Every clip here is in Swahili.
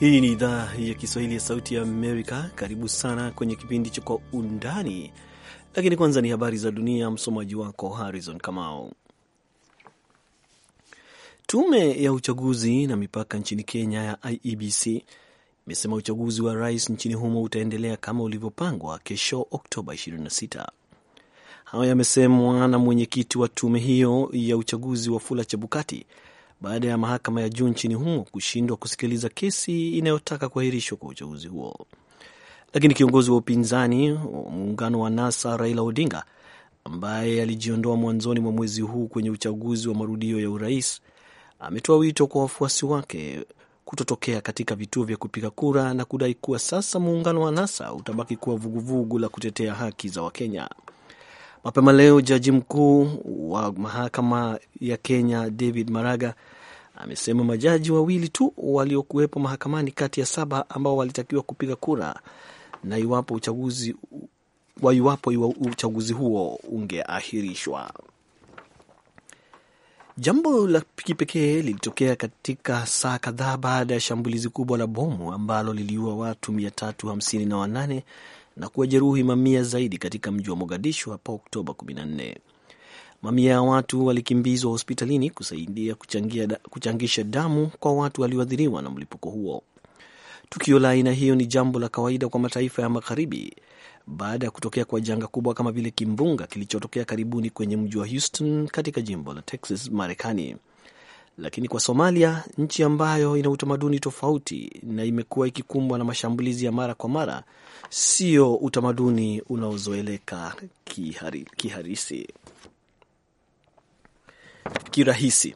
Hii ni idhaa ya Kiswahili ya Sauti ya Amerika. Karibu sana kwenye kipindi cha Kwa Undani, lakini kwanza ni habari za dunia. Msomaji wako Harrison Kamao. Tume ya uchaguzi na mipaka nchini Kenya ya IEBC imesema uchaguzi wa rais nchini humo utaendelea kama ulivyopangwa kesho Oktoba 26. Hayo yamesemwa na mwenyekiti wa tume hiyo ya uchaguzi wa fula Chebukati baada ya mahakama ya juu nchini humo kushindwa kusikiliza kesi inayotaka kuahirishwa kwa uchaguzi huo. Lakini kiongozi wa upinzani wa muungano wa NASA Raila Odinga, ambaye alijiondoa mwanzoni mwa mwezi huu kwenye uchaguzi wa marudio ya urais, ametoa wito kwa wafuasi wake kutotokea katika vituo vya kupiga kura na kudai kuwa sasa muungano wa NASA utabaki kuwa vuguvugu la kutetea haki za Wakenya. Mapema leo jaji mkuu wa mahakama ya Kenya David Maraga amesema majaji wawili tu waliokuwepo mahakamani kati ya saba ambao walitakiwa kupiga kura na iwapo uchaguzi wa iwapo uchaguzi huo ungeahirishwa. Jambo la kipekee lilitokea katika saa kadhaa baada ya shambulizi kubwa la bomu ambalo liliua watu 358 na kuwajeruhi mamia zaidi katika mji wa Mogadishu hapo Oktoba 14. Mamia ya watu walikimbizwa hospitalini kusaidia kuchangia, kuchangisha damu kwa watu walioathiriwa na mlipuko huo. Tukio la aina hiyo ni jambo la kawaida kwa mataifa ya Magharibi baada ya kutokea kwa janga kubwa kama vile kimbunga kilichotokea karibuni kwenye mji wa Houston katika jimbo la Texas, Marekani lakini kwa Somalia, nchi ambayo ina utamaduni tofauti na imekuwa ikikumbwa na mashambulizi ya mara kwa mara, sio utamaduni unaozoeleka kihari, kiharisi kirahisi.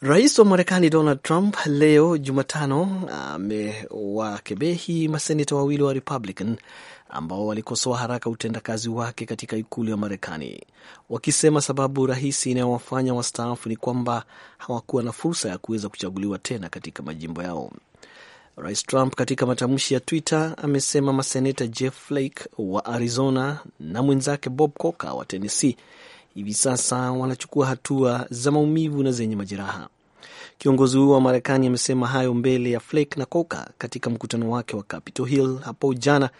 Rais wa Marekani Donald Trump leo Jumatano amewakebehi maseneta wawili wa Republican ambao walikosoa haraka utendakazi wake katika ikulu ya Marekani, wakisema sababu rahisi inayowafanya wastaafu ni kwamba hawakuwa na fursa ya kuweza kuchaguliwa tena katika majimbo yao. Rais Trump katika matamshi ya Twitter amesema maseneta Jeff Flake wa Arizona na mwenzake Bob Corker wa Tennessee hivi sasa wanachukua hatua za maumivu na zenye majeraha. Kiongozi huyo wa Marekani amesema hayo mbele ya Flake na Coker katika mkutano wake wa Capitol Hill hapo jana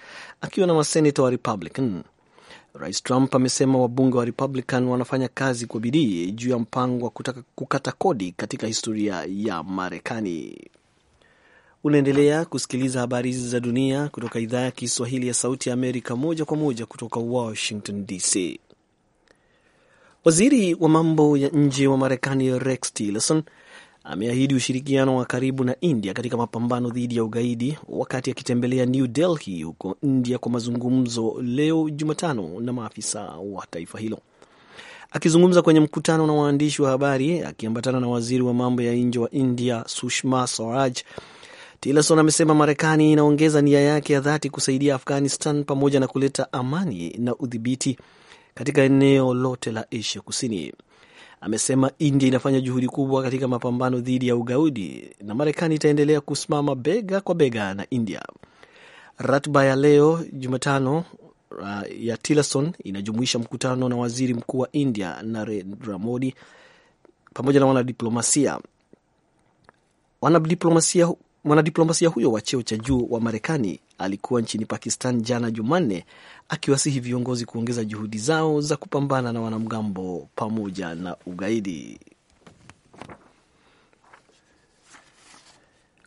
akiwa na maseneta wa Republican. Rais Trump amesema wabunge wa Republican wanafanya kazi kwa bidii juu ya mpango wa kutaka kukata kodi katika historia ya Marekani. Unaendelea kusikiliza habari hizi za dunia kutoka idhaa ya Kiswahili ya Sauti ya Amerika, moja kwa moja kutoka Washington DC. Waziri wa mambo ya nje wa Marekani Rex Tillerson ameahidi ushirikiano wa karibu na India katika mapambano dhidi ya ugaidi wakati akitembelea New Delhi huko India kwa mazungumzo leo Jumatano na maafisa wa taifa hilo. Akizungumza kwenye mkutano na waandishi wa habari akiambatana na waziri wa mambo ya nje wa India Sushma Swaraj, Tillerson amesema Marekani inaongeza nia yake ya dhati kusaidia Afghanistan pamoja na kuleta amani na udhibiti katika eneo lote la Asia Kusini amesema India inafanya juhudi kubwa katika mapambano dhidi ya ugaidi na Marekani itaendelea kusimama bega kwa bega na India. Ratiba ya leo Jumatano uh, ya Tillerson inajumuisha mkutano na waziri mkuu wa India Narendra Modi pamoja na wanadiplomasia wanadiplomasia Mwanadiplomasia huyo wa cheo cha juu wa Marekani alikuwa nchini Pakistan jana Jumanne akiwasihi viongozi kuongeza juhudi zao za kupambana na wanamgambo pamoja na ugaidi.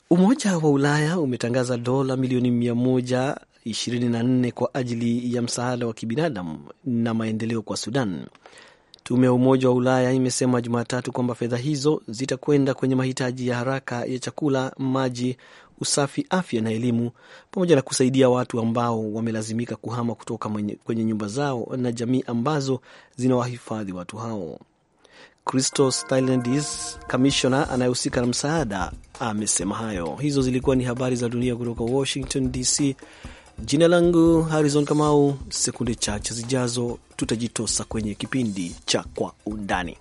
Umoja wa Ulaya umetangaza dola milioni 124 kwa ajili ya msaada wa kibinadamu na maendeleo kwa Sudan Tume ya Umoja wa Ulaya imesema Jumatatu kwamba fedha hizo zitakwenda kwenye mahitaji ya haraka ya chakula, maji, usafi, afya na elimu, pamoja na kusaidia watu ambao wamelazimika kuhama kutoka kwenye nyumba zao na jamii ambazo zinawahifadhi watu hao. Christos Stylianides, kamishona anayehusika na msaada, amesema hayo. Hizo zilikuwa ni habari za dunia kutoka Washington DC. Jina langu Harrison Kamau. Sekunde chache zijazo tutajitosa kwenye kipindi cha Kwa Undani.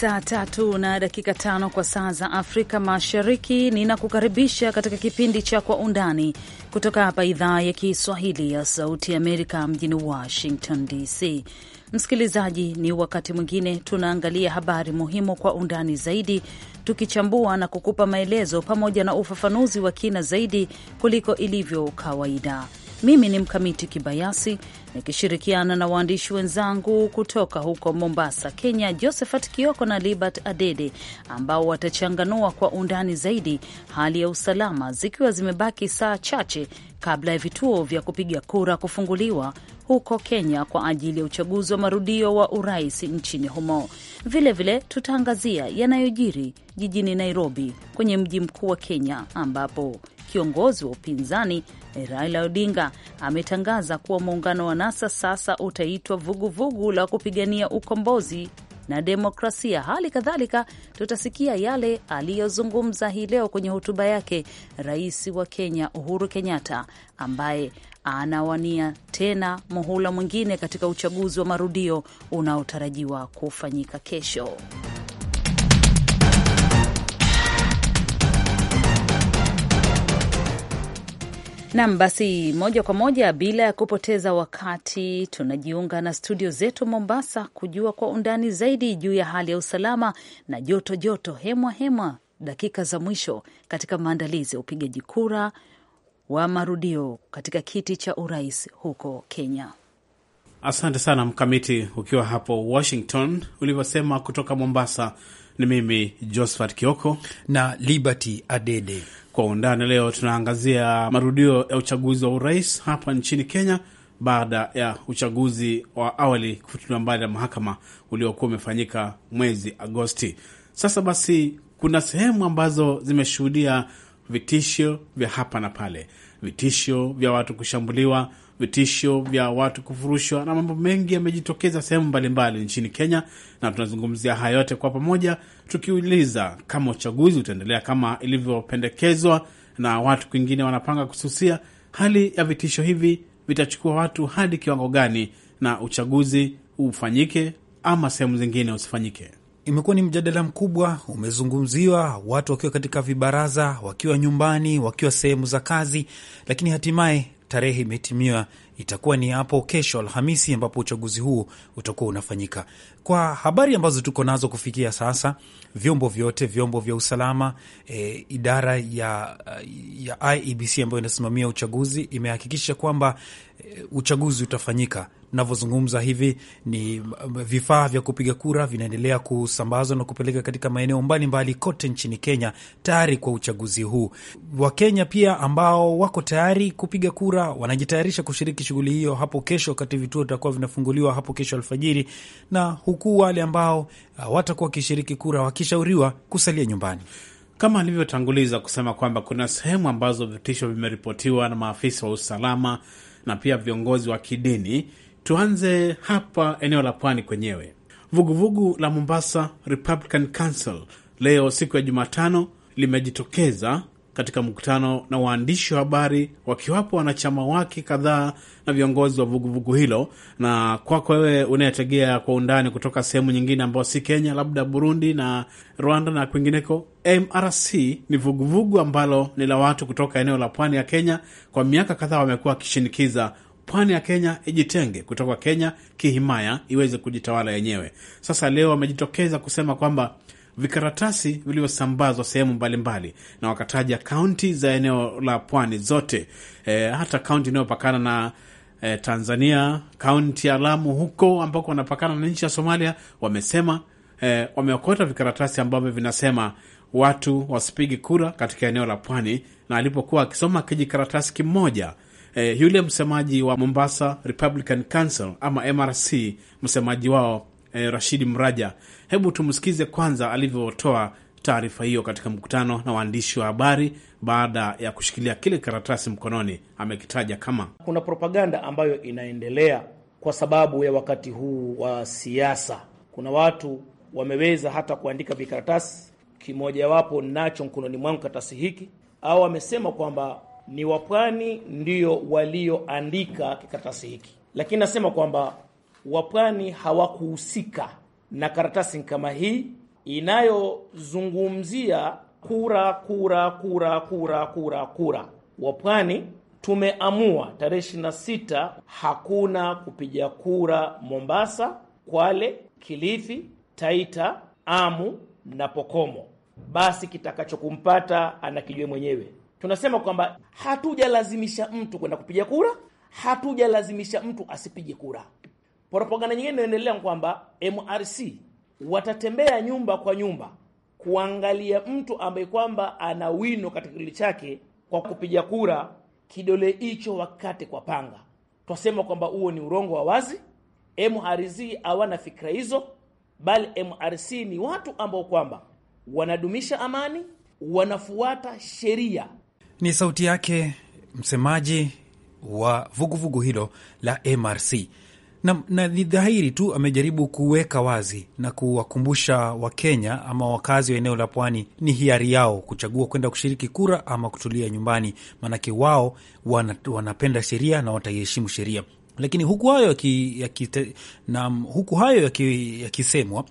Saa tatu na dakika tano kwa saa za Afrika Mashariki, ninakukaribisha katika kipindi cha Kwa Undani kutoka hapa idhaa ya Kiswahili ya Sauti Amerika mjini Washington DC. Msikilizaji, ni wakati mwingine tunaangalia habari muhimu kwa undani zaidi, tukichambua na kukupa maelezo pamoja na ufafanuzi wa kina zaidi kuliko ilivyo kawaida. Mimi ni Mkamiti Kibayasi nikishirikiana na waandishi wenzangu kutoka huko Mombasa, Kenya, Josephat Kioko na Libert Adede, ambao watachanganua kwa undani zaidi hali ya usalama, zikiwa zimebaki saa chache kabla ya vituo vya kupiga kura kufunguliwa huko Kenya kwa ajili ya uchaguzi wa marudio wa urais nchini humo. Vilevile tutaangazia yanayojiri jijini Nairobi, kwenye mji mkuu wa Kenya, ambapo kiongozi wa upinzani Eh, Raila Odinga ametangaza kuwa muungano wa NASA sasa utaitwa vuguvugu la kupigania ukombozi na demokrasia. Hali kadhalika tutasikia yale aliyozungumza hii leo kwenye hotuba yake rais wa Kenya Uhuru Kenyatta, ambaye anawania tena muhula mwingine katika uchaguzi wa marudio unaotarajiwa kufanyika kesho. Nam, basi moja kwa moja bila ya kupoteza wakati tunajiunga na studio zetu Mombasa kujua kwa undani zaidi juu ya hali ya usalama na joto joto, hemwa hemwa, dakika za mwisho katika maandalizi ya upigaji kura wa marudio katika kiti cha urais huko Kenya. Asante sana Mkamiti, ukiwa hapo Washington. Ulivyosema kutoka Mombasa, ni mimi Josephat Kioko na Liberty Adede. Kwa undani leo tunaangazia marudio ya uchaguzi wa urais hapa nchini Kenya baada ya uchaguzi wa awali kufutuliwa mbali na mahakama uliokuwa umefanyika mwezi Agosti. Sasa basi, kuna sehemu ambazo zimeshuhudia vitisho vya hapa na pale, vitisho vya watu kushambuliwa vitisho vya watu kufurushwa na mambo mengi yamejitokeza sehemu mbalimbali nchini Kenya, na tunazungumzia haya yote kwa pamoja, tukiuliza kama uchaguzi utaendelea kama ilivyopendekezwa na watu kwingine wanapanga kususia, hali ya vitisho hivi vitachukua watu hadi kiwango gani, na uchaguzi ufanyike ama sehemu zingine usifanyike. Imekuwa ni mjadala mkubwa, umezungumziwa, watu wakiwa katika vibaraza, wakiwa nyumbani, wakiwa sehemu za kazi, lakini hatimaye tarehe imetimiwa itakuwa ni hapo kesho Alhamisi, ambapo uchaguzi huo utakuwa unafanyika. Kwa habari ambazo tuko nazo kufikia sasa, vyombo vyote, vyombo vya usalama e, idara ya, ya IEBC ambayo inasimamia uchaguzi imehakikisha kwamba uchaguzi utafanyika. Navyozungumza hivi ni vifaa vya kupiga kura vinaendelea kusambazwa na kupeleka katika maeneo mbalimbali kote nchini Kenya, tayari kwa uchaguzi huu. Wakenya pia ambao wako tayari kupiga kura wanajitayarisha kushiriki shughuli hiyo hapo kesho, wakati vituo vitakuwa vinafunguliwa hapo kesho alfajiri, na huku wale ambao uh, watakuwa wakishiriki kura wakishauriwa kusalia nyumbani kama alivyotanguliza kusema kwamba kuna sehemu ambazo vitisho vimeripotiwa na maafisa wa usalama na pia viongozi wa kidini. Tuanze hapa eneo la pwani kwenyewe. Vuguvugu vugu la Mombasa Republican Council leo siku ya Jumatano limejitokeza katika mkutano na waandishi wa habari wakiwapo wanachama wake kadhaa na viongozi wa vuguvugu vugu hilo. Na kwako wewe unayetegea kwa undani kutoka sehemu nyingine ambayo si Kenya, labda Burundi na Rwanda na kwingineko, MRC ni vuguvugu vugu ambalo ni la watu kutoka eneo la pwani ya Kenya. Kwa miaka kadhaa wamekuwa wakishinikiza pwani ya Kenya ijitenge kutoka Kenya kihimaya, iweze kujitawala yenyewe. Sasa leo wamejitokeza kusema kwamba vikaratasi vilivyosambazwa sehemu mbalimbali, na wakataja kaunti za eneo la pwani zote, e, hata kaunti inayopakana na e, Tanzania, kaunti ya Lamu huko ambako wanapakana na nchi ya Somalia. Wamesema e, wameokota vikaratasi ambavyo vinasema watu wasipigi kura katika eneo la pwani, na alipokuwa akisoma kijikaratasi kimoja e, yule msemaji wa Mombasa Republican Council ama MRC, msemaji wao eh, Rashid Mraja. Hebu tumsikize kwanza alivyotoa taarifa hiyo katika mkutano na waandishi wa habari baada ya kushikilia kile karatasi mkononi. Amekitaja kama kuna propaganda ambayo inaendelea kwa sababu ya wakati huu wa siasa. Kuna watu wameweza hata kuandika vikaratasi, kimojawapo nacho mkononi mwangu karatasi hiki, au wamesema kwamba ni wapwani ndio walioandika kikaratasi hiki, lakini nasema kwamba wa pwani hawakuhusika na karatasi kama hii inayozungumzia kura kura kura kura kura kura. Wapwani tumeamua tarehe sita hakuna kupiga kura Mombasa, Kwale, Kilifi, Taita, Amu na Pokomo. Basi kitakachokumpata anakijue mwenyewe. Tunasema kwamba hatujalazimisha mtu kwenda kupiga kura, hatujalazimisha mtu asipige kura. Propaganda nyingine inaendelea kwamba MRC watatembea nyumba kwa nyumba kuangalia mtu ambaye kwamba ana wino katika kidole chake kwa kupiga kura, kidole hicho wakate kwa panga. Twasema kwamba huo ni urongo wa wazi. MRC hawana fikra hizo, bali MRC ni watu ambao kwamba wanadumisha amani, wanafuata sheria. Ni sauti yake msemaji wa vuguvugu vugu hilo la MRC na, na ni dhahiri tu amejaribu kuweka wazi na kuwakumbusha Wakenya ama wakazi wa eneo la pwani ni hiari yao kuchagua kwenda kushiriki kura ama kutulia nyumbani, maanake wao wana, wanapenda sheria na wataiheshimu sheria. Lakini huku hayo yakisemwa ya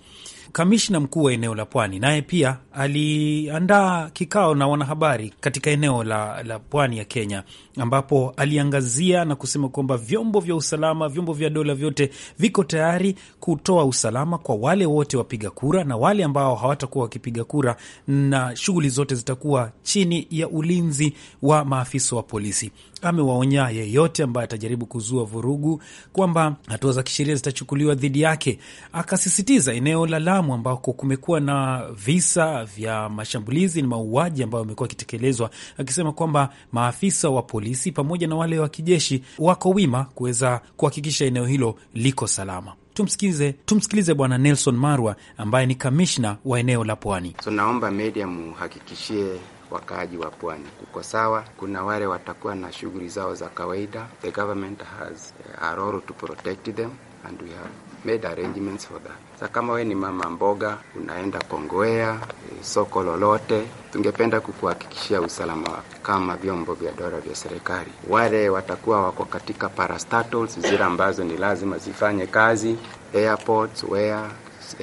Kamishna mkuu wa eneo la Pwani naye pia aliandaa kikao na wanahabari katika eneo la, la pwani ya Kenya, ambapo aliangazia na kusema kwamba vyombo vya usalama, vyombo vya dola vyote viko tayari kutoa usalama kwa wale wote wapiga kura na wale ambao hawatakuwa wakipiga kura, na shughuli zote zitakuwa chini ya ulinzi wa maafisa wa polisi. Amewaonya yeyote ambaye atajaribu kuzua vurugu kwamba hatua za kisheria zitachukuliwa dhidi yake. Akasisitiza eneo la Salaam ambako kumekuwa na visa vya mashambulizi na mauaji ambayo yamekuwa yakitekelezwa, akisema kwamba maafisa wa polisi pamoja na wale wa kijeshi wako wima kuweza kuhakikisha eneo hilo liko salama. Tumsikilize, tumsikilize Bwana Nelson Marwa ambaye ni kamishna wa eneo la Pwani. Tunaomba media muhakikishie wakaaji wa pwani kuko sawa. Kuna wale watakuwa na shughuli zao za kawaida. The government has eh, a role to protect them and we have made arrangements for that. Sa kama we ni mama mboga, unaenda kongwea eh, soko lolote, tungependa kukuhakikishia usalama kama vyombo vya dola vya serikali. Wale watakuwa wako katika parastatals zile ambazo ni lazima zifanye kazi, airports where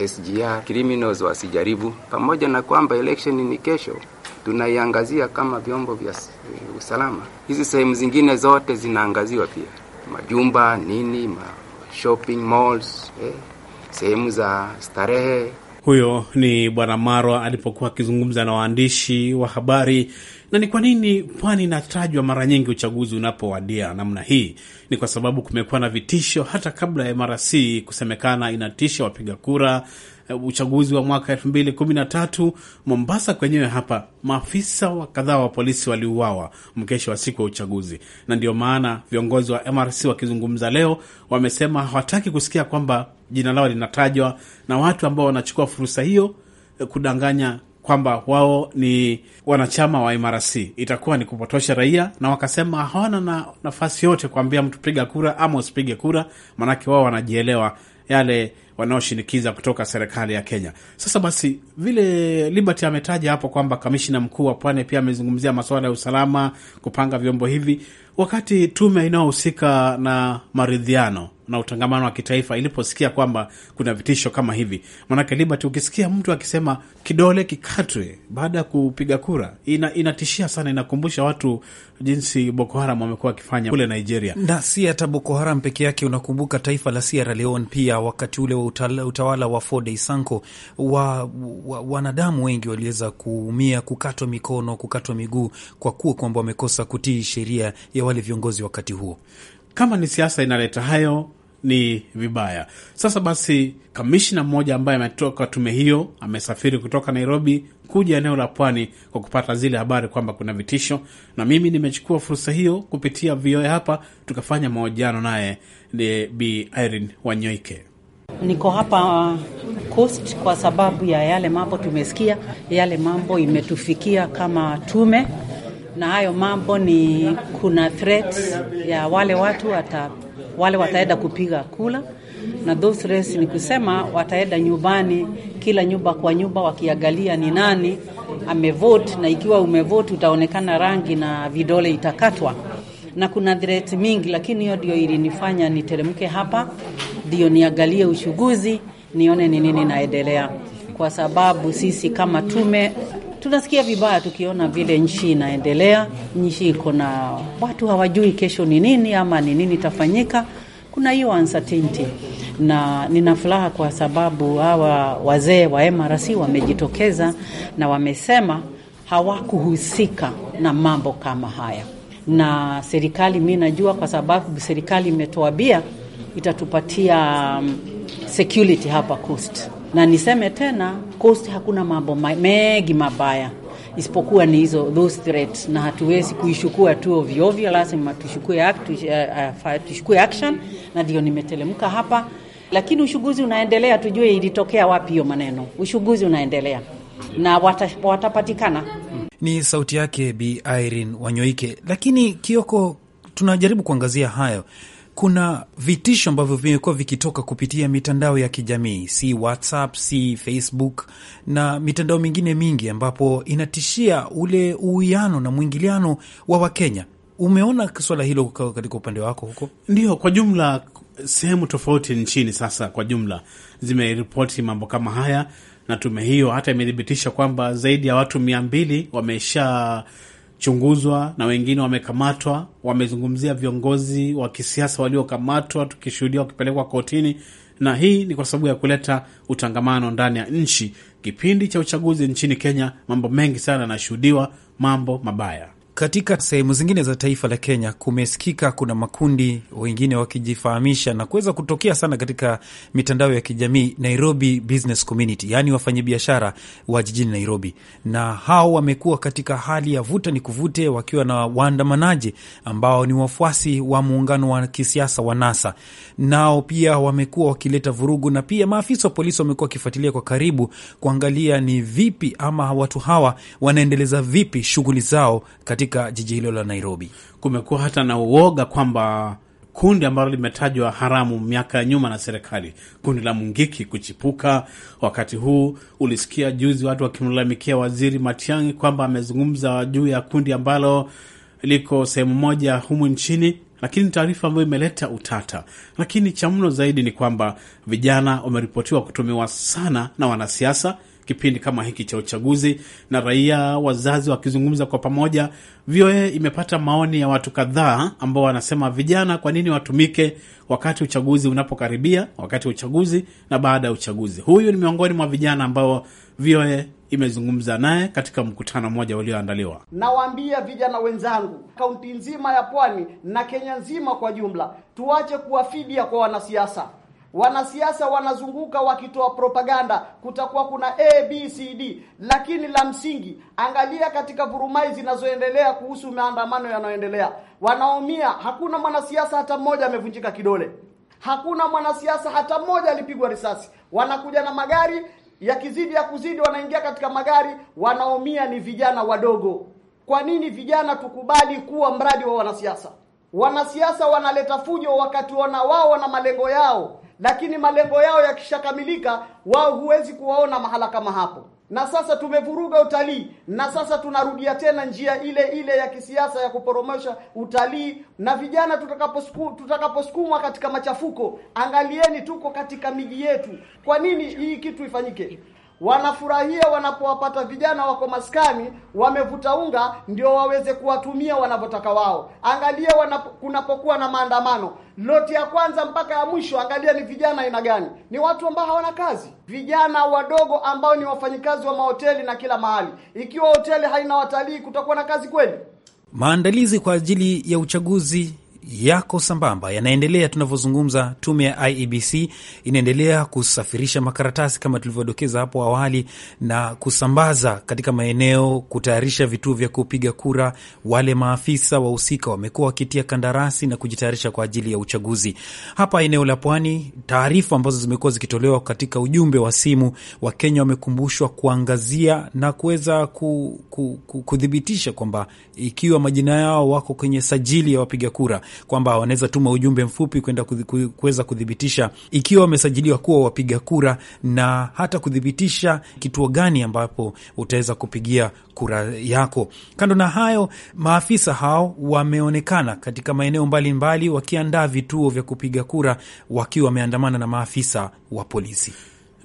SGR criminals wasijaribu, pamoja na kwamba election ni kesho tunaiangazia kama vyombo vya eh, usalama. Hizi sehemu zingine zote zinaangaziwa pia, majumba nini ma shopping malls, eh, sehemu za starehe. Huyo ni Bwana Marwa alipokuwa akizungumza na waandishi wa habari na ni kwa nini pwani inatajwa mara nyingi uchaguzi unapowadia namna hii? Ni kwa sababu kumekuwa na vitisho hata kabla ya MRC kusemekana inatisha wapiga kura eh, uchaguzi wa mwaka elfu mbili kumi na tatu Mombasa kwenyewe hapa, maafisa wa kadhaa wa polisi waliuawa mkesha wa siku ya uchaguzi, na ndio maana viongozi wa MRC wakizungumza leo wamesema hawataki kusikia kwamba jina lao linatajwa na watu ambao wanachukua fursa hiyo eh, kudanganya kwamba wao ni wanachama wa MRC itakuwa ni kupotosha raia, na wakasema hawana na nafasi yote kuambia mtu piga kura ama usipige kura, maanake wao wanajielewa yale wanaoshinikiza kutoka serikali ya Kenya. Sasa basi, vile Liberty ametaja hapo kwamba kamishina mkuu wa pwani pia amezungumzia masuala ya usalama, kupanga vyombo hivi, wakati tume inayohusika na maridhiano na utangamano wa kitaifa iliposikia kwamba kuna vitisho kama hivi. Manake Liberty, ukisikia mtu akisema kidole kikatwe baada ya kupiga kura ina, inatishia sana, inakumbusha watu jinsi Boko Haram wamekuwa wakifanya kule Nigeria, na si hata Boko Haram peke yake. Unakumbuka taifa la Sierra Leone pia, wakati ule wa utawala wa Foday Sanko wa, wa, wanadamu wengi waliweza kuumia, kukatwa mikono, kukatwa miguu, kwa kuwa kwamba wamekosa kutii sheria ya wale viongozi wakati huo. Kama ni siasa inaleta hayo ni vibaya. Sasa basi, kamishna mmoja ambaye ametoka tume hiyo amesafiri kutoka Nairobi kuja eneo la pwani kwa kupata zile habari kwamba kuna vitisho, na mimi nimechukua fursa hiyo kupitia VOA hapa tukafanya mahojiano naye Bi Irene Wanyoike. Niko hapa uh, Coast kwa sababu ya yale mambo tumesikia, yale mambo imetufikia kama tume na hayo mambo ni kuna threats ya wale watu wata, wale wataenda kupiga kula, na those threats ni kusema wataenda nyumbani, kila nyumba kwa nyumba, wakiangalia ni nani amevote, na ikiwa umevote utaonekana rangi na vidole itakatwa na kuna threat mingi, lakini hiyo ndio ilinifanya niteremke hapa, ndio niangalie uchuguzi, nione ni nini naendelea, kwa sababu sisi kama tume tunasikia vibaya tukiona vile nchi inaendelea, nchi iko na watu hawajui kesho ni nini ama ni nini itafanyika. Kuna hiyo uncertainty, na nina furaha kwa sababu hawa wazee wa MRC wamejitokeza na wamesema hawakuhusika na mambo kama haya, na serikali, mi najua kwa sababu serikali imetoa bia itatupatia um, security hapa coast na niseme tena, Coast hakuna mambo mengi mabaya isipokuwa ni hizo those threats, na hatuwezi kuishukua tu ovyo ovyo, lazima tushukue act, uh, action, na ndio nimetelemka hapa, lakini uchuguzi unaendelea, tujue ilitokea wapi hiyo maneno. Uchuguzi unaendelea na wata, watapatikana. Ni sauti yake Bi Irene Wanyoike. Lakini Kioko, tunajaribu kuangazia hayo kuna vitisho ambavyo vimekuwa vikitoka kupitia mitandao ya kijamii, si WhatsApp, si Facebook na mitandao mingine mingi, ambapo inatishia ule uwiano na mwingiliano wa Wakenya. Umeona swala hilo katika upande wako huko? Ndio, kwa jumla sehemu tofauti nchini sasa kwa jumla zimeripoti mambo kama haya, na tume hiyo hata imethibitisha kwamba zaidi ya watu mia mbili wamesha wamechunguzwa na wengine wamekamatwa. Wamezungumzia viongozi wa kisiasa waliokamatwa, tukishuhudia wakipelekwa kotini, na hii ni kwa sababu ya kuleta utangamano ndani ya nchi. Kipindi cha uchaguzi nchini Kenya, mambo mengi sana yanashuhudiwa, mambo mabaya katika sehemu zingine za taifa la Kenya kumesikika kuna makundi wengine wakijifahamisha na kuweza kutokea sana katika mitandao ya kijamii, Nairobi Business Community, yaani wafanyabiashara wa jijini Nairobi, na hao wamekuwa katika hali ya vuta ni kuvute, wakiwa na waandamanaji ambao ni wafuasi wa muungano wa kisiasa wa NASA. Nao pia wamekuwa wakileta vurugu, na pia maafisa wa polisi wamekuwa wakifuatilia kwa karibu kuangalia ni vipi ama watu hawa wanaendeleza vipi shughuli zao katika katika jiji hilo la Nairobi. Kumekuwa hata na uoga kwamba kundi ambalo limetajwa haramu miaka ya nyuma na serikali, kundi la Mungiki kuchipuka. Wakati huu ulisikia juzi watu wakimlalamikia Waziri Matiang'i kwamba amezungumza juu ya kundi ambalo liko sehemu moja humu nchini, lakini taarifa ambayo imeleta utata. Lakini cha mno zaidi ni kwamba vijana wameripotiwa kutumiwa sana na wanasiasa kipindi kama hiki cha uchaguzi, na raia wazazi wakizungumza kwa pamoja. VOA imepata maoni ya watu kadhaa ambao wanasema vijana, kwa nini watumike wakati uchaguzi unapokaribia, wakati wa uchaguzi na baada ya uchaguzi. Huyu ni miongoni mwa vijana ambao VOA imezungumza naye katika mkutano mmoja ulioandaliwa. Nawaambia vijana wenzangu, kaunti nzima ya Pwani na Kenya nzima kwa jumla, tuache kuwafidia kwa wanasiasa. Wanasiasa wanazunguka wakitoa propaganda, kutakuwa kuna abcd lakini la msingi, angalia katika vurumai zinazoendelea kuhusu maandamano yanayoendelea, wanaumia. Hakuna mwanasiasa hata mmoja amevunjika kidole, hakuna mwanasiasa hata mmoja alipigwa risasi. Wanakuja na magari yakizidi ya kuzidi, wanaingia katika magari, wanaumia ni vijana wadogo. Kwa nini vijana tukubali kuwa mradi wa wanasiasa? Wanasiasa wanaleta fujo wakati wana wao wana malengo yao, lakini malengo yao yakishakamilika, wao huwezi kuwaona mahala kama hapo. Na sasa tumevuruga utalii, na sasa tunarudia tena njia ile ile ya kisiasa ya kuporomosha utalii. Na vijana tutakaposukumwa, tutakaposukumwa katika machafuko, angalieni, tuko katika miji yetu. Kwa nini hii kitu ifanyike? wanafurahia wanapowapata vijana wako maskani wamevuta unga, ndio waweze kuwatumia wanavyotaka wao. Angalia wanapo, kunapokuwa na maandamano loti ya kwanza mpaka ya mwisho, angalia ni vijana aina gani? Ni watu ambao hawana kazi, vijana wadogo ambao ni wafanyikazi wa mahoteli na kila mahali. Ikiwa hoteli haina watalii, kutakuwa na kazi kweli? Maandalizi kwa ajili ya uchaguzi yako sambamba yanaendelea. Tunavyozungumza, tume ya IEBC inaendelea kusafirisha makaratasi kama tulivyodokeza hapo awali na kusambaza katika maeneo, kutayarisha vituo vya kupiga kura. Wale maafisa wahusika wamekuwa wakitia kandarasi na kujitayarisha kwa ajili ya uchaguzi hapa eneo la Pwani. Taarifa ambazo zimekuwa zikitolewa katika ujumbe wa simu, Wakenya wamekumbushwa kuangazia na kuweza kuthibitisha kwamba ikiwa majina yao wako kwenye sajili ya wapiga kura kwamba wanaweza tuma ujumbe mfupi kwenda kuweza kuthibitisha ikiwa wamesajiliwa kuwa wapiga kura na hata kuthibitisha kituo gani ambapo utaweza kupigia kura yako. Kando na hayo, maafisa hao wameonekana katika maeneo mbalimbali wakiandaa vituo vya kupiga kura wakiwa wameandamana na maafisa wa polisi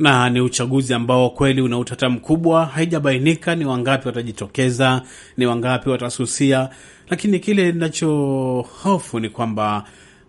na ni uchaguzi ambao kweli una utata mkubwa. Haijabainika ni wangapi watajitokeza, ni wangapi watasusia, lakini kile hofu ni kwamba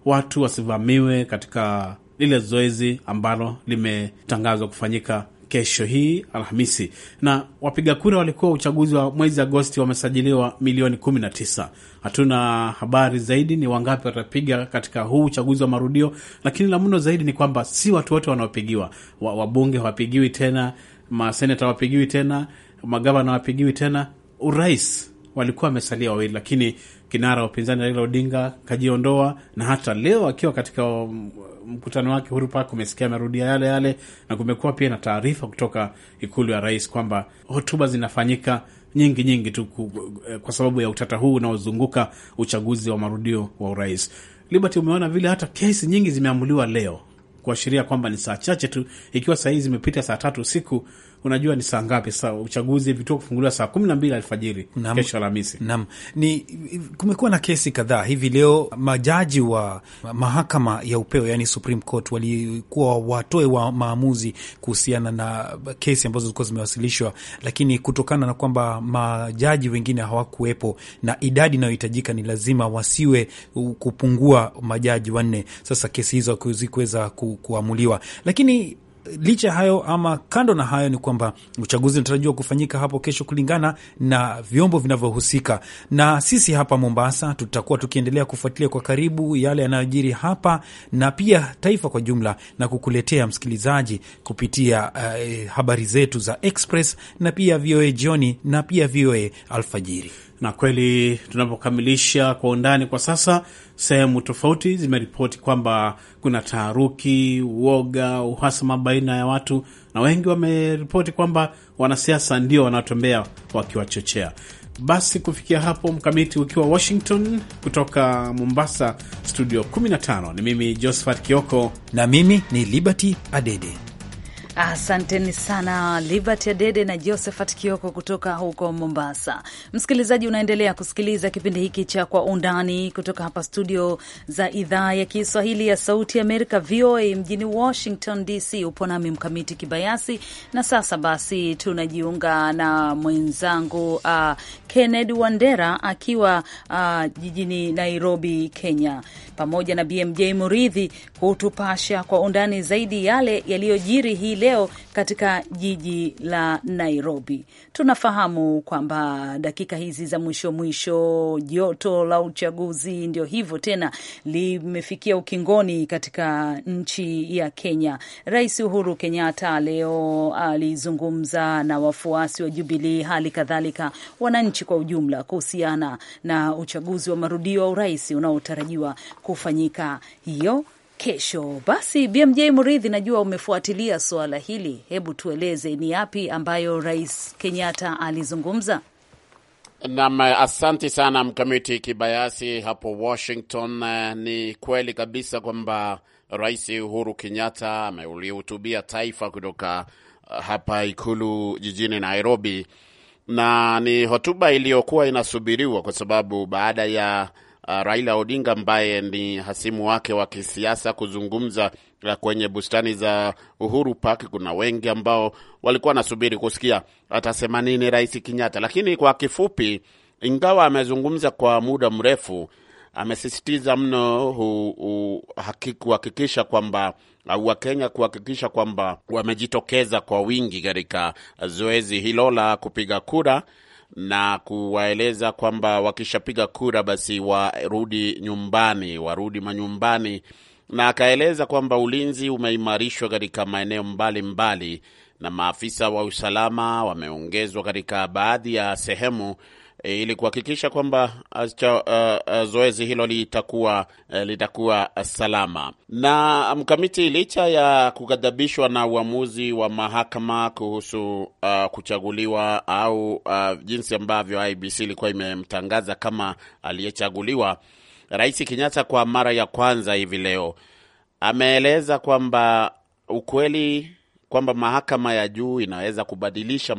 watu wasivamiwe katika lile zoezi ambalo limetangazwa kufanyika kesho hii Alhamisi, na wapiga kura walikuwa uchaguzi wa mwezi Agosti wamesajiliwa milioni 19. Hatuna habari zaidi ni wangapi watapiga katika huu uchaguzi wa marudio, lakini la mno zaidi ni kwamba si watu wote wanaopigiwa. Wabunge hawapigiwi tena, maseneta hawapigiwi tena, magavana hawapigiwi tena, urais walikuwa wamesalia wawili, lakini kinara wa upinzani Raila Odinga kajiondoa, na hata leo akiwa katika um, mkutano wake Uhuru Park umesikia amerudia yale yale, na kumekuwa pia na taarifa kutoka ikulu ya rais kwamba hotuba zinafanyika nyingi nyingi tu eh, kwa sababu ya utata huu unaozunguka uchaguzi wa marudio wa urais. Liberty, umeona vile hata kesi nyingi zimeamuliwa leo kuashiria kwamba ni saa chache tu, ikiwa saa hii zimepita saa tatu usiku unajua ni saa ngapi sa Uchaguzi vituo kufunguliwa saa kumi na mbili alfajiri kesho Alhamisi. Naam, ni kumekuwa na kesi kadhaa hivi leo. Majaji wa mahakama ya upeo, yani Supreme Court, walikuwa watoe wa maamuzi kuhusiana na kesi ambazo zilikuwa zimewasilishwa, lakini kutokana na kwamba majaji wengine hawakuwepo na idadi inayohitajika ni lazima wasiwe kupungua majaji wanne, sasa kesi hizo zikuweza kuamuliwa, lakini licha ya hayo ama kando na hayo, ni kwamba uchaguzi unatarajiwa kufanyika hapo kesho kulingana na vyombo vinavyohusika. Na sisi hapa Mombasa tutakuwa tukiendelea kufuatilia kwa karibu yale yanayojiri hapa na pia taifa kwa jumla, na kukuletea msikilizaji kupitia uh, habari zetu za Express na pia VOA jioni na pia VOA alfajiri na kweli tunapokamilisha kwa undani kwa sasa, sehemu tofauti zimeripoti kwamba kuna taharuki, uoga, uhasama baina ya watu, na wengi wameripoti kwamba wanasiasa ndio wanaotembea wakiwachochea. Basi kufikia hapo, Mkamiti ukiwa Washington, kutoka Mombasa studio 15, ni mimi Josephat Kioko na mimi ni Liberty Adede. Asanteni sana Liberty Adede na Josephat Kioko kutoka huko Mombasa. Msikilizaji, unaendelea kusikiliza kipindi hiki cha Kwa Undani kutoka hapa studio za idhaa ya Kiswahili ya Sauti Amerika, VOA mjini Washington DC. Upo nami Mkamiti Kibayasi, na sasa basi tunajiunga na mwenzangu uh, Kenneth Wandera akiwa uh, jijini Nairobi, Kenya, pamoja na BMJ Muridhi kutupasha kwa undani zaidi yale yaliyojiri hii leo leo katika jiji la Nairobi. Tunafahamu kwamba dakika hizi za mwisho mwisho, joto la uchaguzi ndio hivyo tena limefikia ukingoni katika nchi ya Kenya. Rais Uhuru Kenyatta leo alizungumza na wafuasi wa Jubilii, hali kadhalika wananchi kwa ujumla, kuhusiana na uchaguzi wa marudio wa urais unaotarajiwa kufanyika hiyo kesho. Basi BMJ Mridhi, najua umefuatilia suala hili, hebu tueleze ni yapi ambayo Rais Kenyatta alizungumza? Nam, asante sana Mkamiti Kibayasi hapo Washington. Ni kweli kabisa kwamba Rais Uhuru Kenyatta amelihutubia taifa kutoka uh, hapa ikulu jijini Nairobi, na ni hotuba iliyokuwa inasubiriwa kwa sababu baada ya Uh, Raila Odinga ambaye ni hasimu wake wa kisiasa kuzungumza uh, kwenye bustani za Uhuru Park. Kuna wengi ambao walikuwa wanasubiri kusikia atasema nini Rais Kenyatta, lakini kwa kifupi, ingawa amezungumza kwa muda mrefu, amesisitiza mno kuhakikisha kwamba uh, Wakenya kuhakikisha kwamba wamejitokeza kwa wingi katika zoezi hilo la kupiga kura na kuwaeleza kwamba wakishapiga kura basi warudi nyumbani, warudi manyumbani, na akaeleza kwamba ulinzi umeimarishwa katika maeneo mbalimbali na maafisa wa usalama wameongezwa katika baadhi ya sehemu ili kuhakikisha kwamba uh, uh, uh, zoezi hilo litakuwa uh, litakuwa salama. Na mkamiti, licha ya kughadhabishwa na uamuzi wa mahakama kuhusu uh, kuchaguliwa au uh, jinsi ambavyo IBC ilikuwa imemtangaza kama aliyechaguliwa, Rais Kenyatta kwa mara ya kwanza hivi leo ameeleza kwamba ukweli kwamba mahakama ya juu inaweza kubadilisha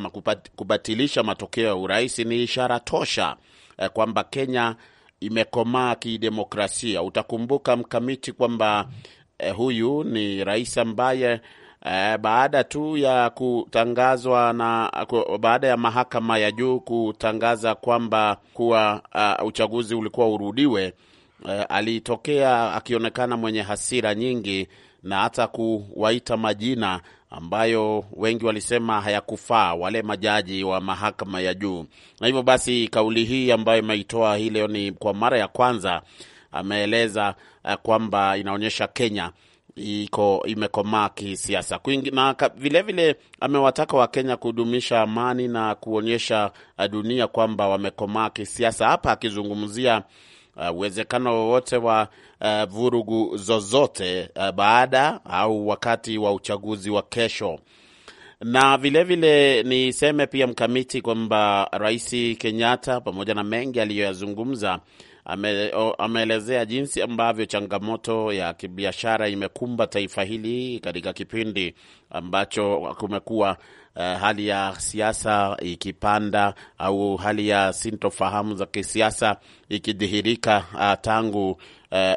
kubatilisha matokeo ya urais ni ishara tosha eh, kwamba Kenya imekomaa kidemokrasia. Utakumbuka mkamiti kwamba eh, huyu ni rais ambaye eh, baada tu ya kutangazwa na baada ya mahakama ya juu kutangaza kwamba kuwa uh, uchaguzi ulikuwa urudiwe eh, alitokea akionekana mwenye hasira nyingi na hata kuwaita majina ambayo wengi walisema hayakufaa wale majaji wa mahakama ya juu. Na hivyo basi kauli hii ambayo imeitoa hii leo ni kwa mara ya kwanza, ameeleza eh, kwamba inaonyesha Kenya iko imekomaa kisiasa na vilevile, amewataka Wakenya kudumisha amani na kuonyesha eh, dunia kwamba wamekomaa kisiasa, hapa akizungumzia Uh, uwezekano uh, wowote wa uh, vurugu zozote uh, baada au wakati wa uchaguzi wa kesho. Na vilevile niseme pia mkamiti kwamba Rais Kenyatta pamoja na mengi aliyoyazungumza ameelezea jinsi ambavyo changamoto ya kibiashara imekumba taifa hili katika kipindi ambacho kumekuwa uh, hali ya siasa ikipanda au hali ya sintofahamu za kisiasa ikidhihirika uh, tangu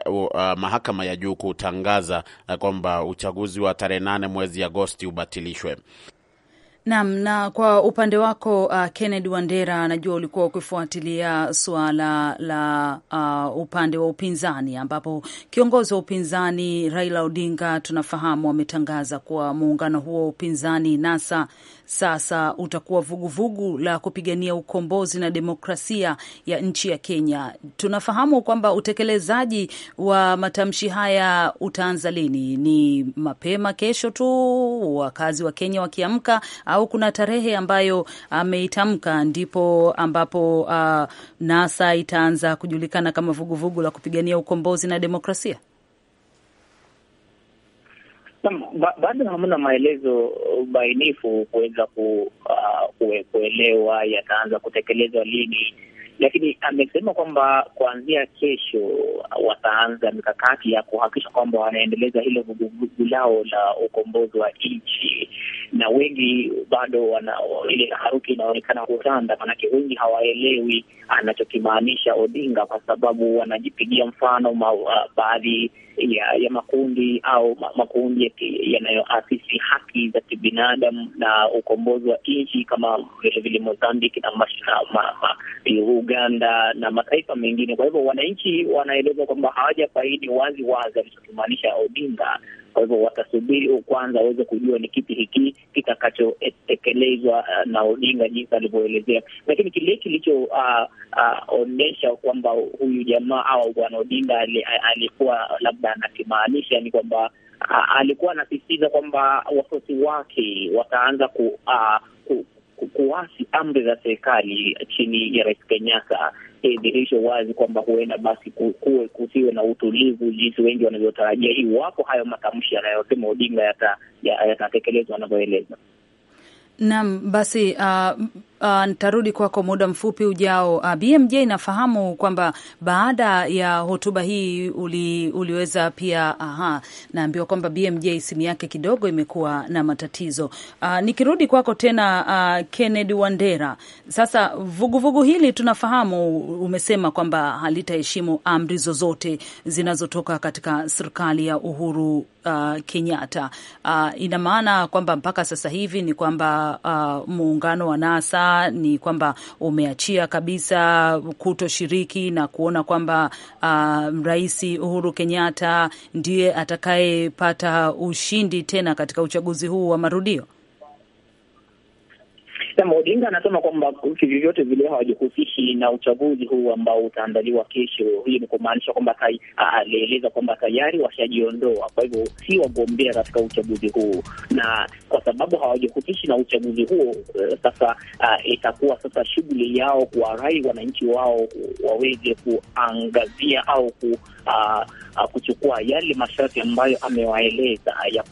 Uh, uh, mahakama ya juu kutangaza uh, kwamba uchaguzi wa tarehe nane mwezi Agosti ubatilishwe. Naam, na kwa upande wako uh, Kennedy Wandera, anajua ulikuwa ukifuatilia suala la uh, upande wa upinzani ambapo kiongozi wa upinzani Raila Odinga tunafahamu ametangaza kuwa muungano huo wa upinzani NASA sasa utakuwa vuguvugu vugu la kupigania ukombozi na demokrasia ya nchi ya Kenya. Tunafahamu kwamba utekelezaji wa matamshi haya utaanza lini? Ni mapema kesho tu wakazi wa Kenya wakiamka, au kuna tarehe ambayo ameitamka ndipo ambapo uh, NASA itaanza kujulikana kama vuguvugu vugu la kupigania ukombozi na demokrasia? bado hamna maelezo bainifu kuweza ku, uh, kuelewa yataanza kutekelezwa lini lakini amesema kwamba kuanzia kesho wataanza mikakati ya kuhakikisha kwamba wanaendeleza hilo vuguvugu lao la ukombozi wa nchi, na wengi bado wana ile taharuki inaonekana kutanda, maanake wengi hawaelewi anachokimaanisha Odinga kwa sababu wanajipigia mfano ma, uh, baadhi ya, ya makundi au ma, makundi yanayoasisi haki za kibinadamu na ukombozi wa nchi kama vilevile Mozambiki na Uganda na mataifa mengine. Kwa hivyo wananchi wanaeleza kwamba hawajafaidi wazi wazi alichokimaanisha Odinga. Kwa hivyo watasubiri kwanza waweze kujua ni kipi hiki kitakachotekelezwa uh, na Odinga jinsi alivyoelezea, lakini kile kilichoonyesha uh, uh, kwamba huyu jamaa au bwana Odinga alikuwa labda anakimaanisha ni kwamba uh, alikuwa anasisitiza kwamba wafuasi wake wataanza ku uh, kuasi amri za serikali chini ya Rais Kenyatta dhirisho wazi kwamba huenda basi kuwe kusiwe na utulivu jinsi wengi wanavyotarajia iwapo hayo matamshi yanayosema Odinga yatatekelezwa yata anavyoeleza. Naam, basi uh, Uh, nitarudi kwako muda mfupi ujao. Uh, BMJ nafahamu kwamba baada ya hotuba hii uli, uliweza pia aha, naambiwa kwamba BMJ simu yake kidogo imekuwa na matatizo. Uh, nikirudi kwako tena uh, Kennedy Wandera, sasa vuguvugu vugu hili tunafahamu, umesema kwamba halitaheshimu amri zozote zinazotoka katika serikali ya Uhuru Uh, Kenyatta. Uh, ina maana kwamba mpaka sasa hivi ni kwamba uh, muungano wa NASA ni kwamba umeachia kabisa kutoshiriki na kuona kwamba uh, Rais Uhuru Kenyatta ndiye atakayepata ushindi tena katika uchaguzi huu wa marudio? Sema Odinga anasema kwamba vyote vile hawajihusishi na uchaguzi huu ambao utaandaliwa kesho. Hii ni kumaanisha kwamba alieleza kwamba tayari washajiondoa, kwa hivyo si wagombea katika uchaguzi huu, na kwa sababu hawajihusishi na uchaguzi huo, e, sasa itakuwa sasa shughuli yao kuwarai wananchi wao waweze kuangazia au ku uh, uh, kuchukua yale masharti ambayo amewaeleza ya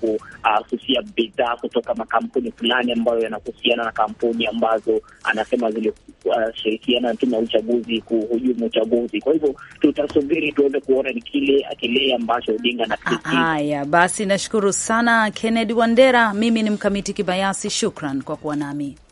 kususia uh, bidhaa kutoka makampuni fulani ambayo yanahusiana na kampuni ambazo anasema zilishirikiana uh, tu uchaguzi kuhujumu uchaguzi. Kwa hivyo tutasubiri tuweze kuona ni kile kile ambacho Odinga na haya. Basi nashukuru sana Kennedy Wandera, mimi ni mkamiti kibayasi, shukran kwa kuwa nami.